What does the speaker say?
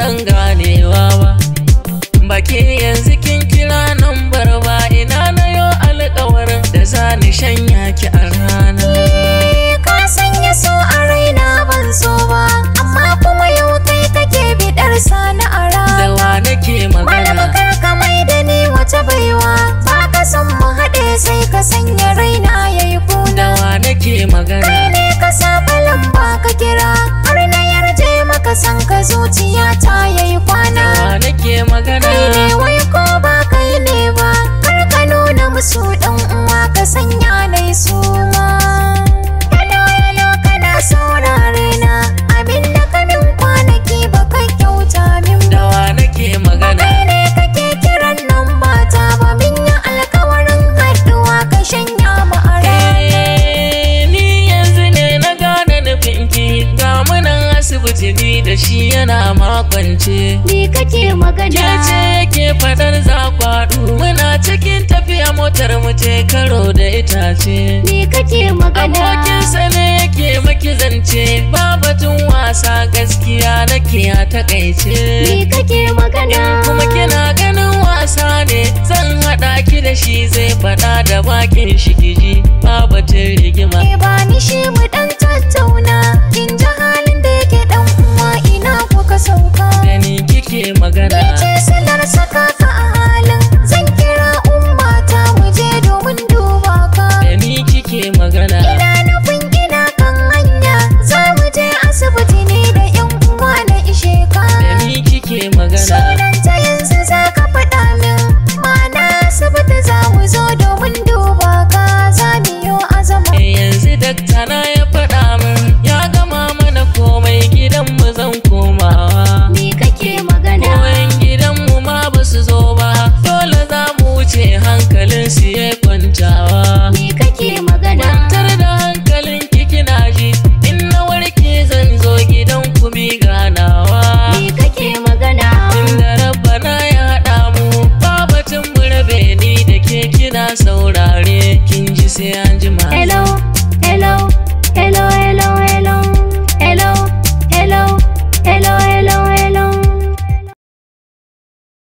zan ganewa ba baki yanzu kin kira nan ba, ina na yo alƙawarin da za ni shanya ki a rana eh, ka sanya so a raina ban so ba amma kuma yau kai kake bidar sana a rana da wa nake magana malamar ka mai da ni wata baiwa ba ka san mu haɗe sai ka sanya raina yayi kuna da wa nake magana kai ne ka saba lamba ka kira ka san ka zuciya ta yayi kwana kai ne wai ko ba kai ne ba kar ka nuna musu uwa ka sanya nai yana makwance ni kake magana Ya ce yake fadar za kwaɗu muna cikin tafiya motar mu ce karo da itace ni kake magana sa ne yake maki zance ba batun wasa gaskiya nake a takaice ni kake magana in kuma kina ganin wasa ne zan haɗa ki da shi zai faɗa da bakin shi love. saurare kin ji sai an jima hello hello hello